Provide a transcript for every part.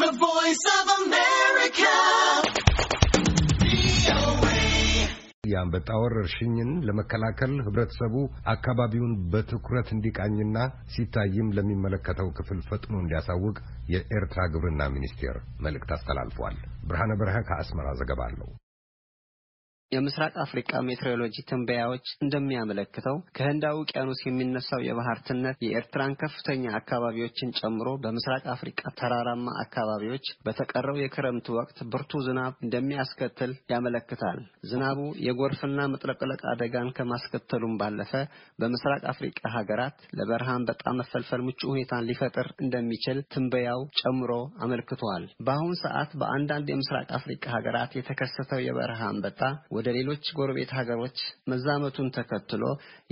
The Voice of America. የአንበጣ ወረርሽኝን ለመከላከል ህብረተሰቡ አካባቢውን በትኩረት እንዲቃኝና ሲታይም ለሚመለከተው ክፍል ፈጥኖ እንዲያሳውቅ የኤርትራ ግብርና ሚኒስቴር መልእክት አስተላልፏል። ብርሃነ በረሃ ከአስመራ ዘገባ አለው። የምስራቅ አፍሪካ ሜትሮሎጂ ትንበያዎች እንደሚያመለክተው ከህንድ ውቅያኖስ የሚነሳው የባህር ትነት የኤርትራን ከፍተኛ አካባቢዎችን ጨምሮ በምስራቅ አፍሪካ ተራራማ አካባቢዎች በተቀረው የክረምት ወቅት ብርቱ ዝናብ እንደሚያስከትል ያመለክታል። ዝናቡ የጎርፍና መጥለቅለቅ አደጋን ከማስከተሉም ባለፈ በምስራቅ አፍሪካ ሀገራት ለበረሃን በጣም መፈልፈል ምቹ ሁኔታን ሊፈጥር እንደሚችል ትንበያው ጨምሮ አመልክቷል። በአሁኑ ሰዓት በአንዳንድ የምስራቅ አፍሪካ ሀገራት የተከሰተው የበረሃ አንበጣ ወደ ሌሎች ጎረቤት ሀገሮች መዛመቱን ተከትሎ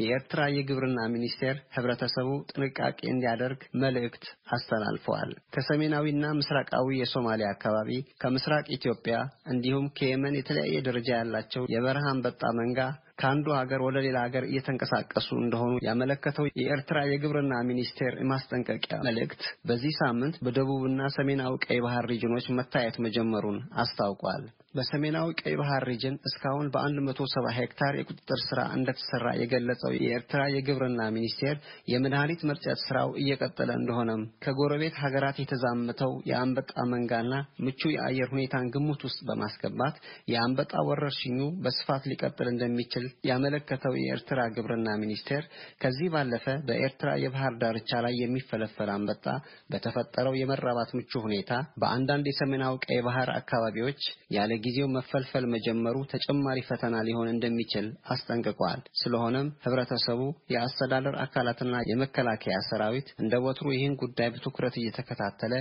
የኤርትራ የግብርና ሚኒስቴር ህብረተሰቡ ጥንቃቄ እንዲያደርግ መልእክት አስተላልፈዋል። ከሰሜናዊና ምስራቃዊ የሶማሊያ አካባቢ ከምስራቅ ኢትዮጵያ እንዲሁም ከየመን የተለያየ ደረጃ ያላቸው የበረሃ አንበጣ መንጋ ከአንዱ ሀገር ወደ ሌላ ሀገር እየተንቀሳቀሱ እንደሆኑ ያመለከተው የኤርትራ የግብርና ሚኒስቴር የማስጠንቀቂያ መልእክት በዚህ ሳምንት በደቡብና ሰሜናዊ ቀይ ባህር ሪጅኖች መታየት መጀመሩን አስታውቋል። በሰሜናዊ ቀይ ባህር ሪጅን እስካሁን በ ሰባ ሄክታር የቁጥጥር ስራ እንደተሰራ የገለጸው የኤርትራ የግብርና ሚኒስቴር የመድኃኒት መርጨት ስራው እየቀጠለ እንደሆነም ከጎረቤት ሀገራት የተዛመተው የአንበጣ መንጋና ምቹ የአየር ሁኔታን ግምት ውስጥ በማስገባት የአንበጣ ወረርሽኙ በስፋት ሊቀጥል እንደሚችል መንግስት ያመለከተው የኤርትራ ግብርና ሚኒስቴር ከዚህ ባለፈ በኤርትራ የባህር ዳርቻ ላይ የሚፈለፈል አንበጣ በተፈጠረው የመራባት ምቹ ሁኔታ በአንዳንድ የሰሜናዊ ቀይ ባህር አካባቢዎች ያለ ጊዜው መፈልፈል መጀመሩ ተጨማሪ ፈተና ሊሆን እንደሚችል አስጠንቅቋል። ስለሆነም ህብረተሰቡ የአስተዳደር አካላትና የመከላከያ ሰራዊት እንደ ወትሩ ይህን ጉዳይ በትኩረት እየተከታተለ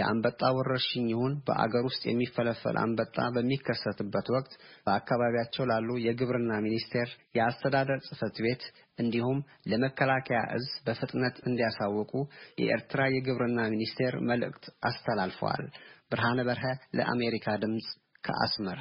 የአንበጣ ወረርሽኝ ይሁን በአገር ውስጥ የሚፈለፈል አንበጣ በሚከሰትበት ወቅት በአካባቢያቸው ላሉ የግብርና ሚኒስ ሚኒስቴር የአስተዳደር ጽፈት ቤት እንዲሁም ለመከላከያ እዝ በፍጥነት እንዲያሳውቁ የኤርትራ የግብርና ሚኒስቴር መልእክት አስተላልፈዋል። ብርሃነ በርሀ ለአሜሪካ ድምፅ ከአስመራ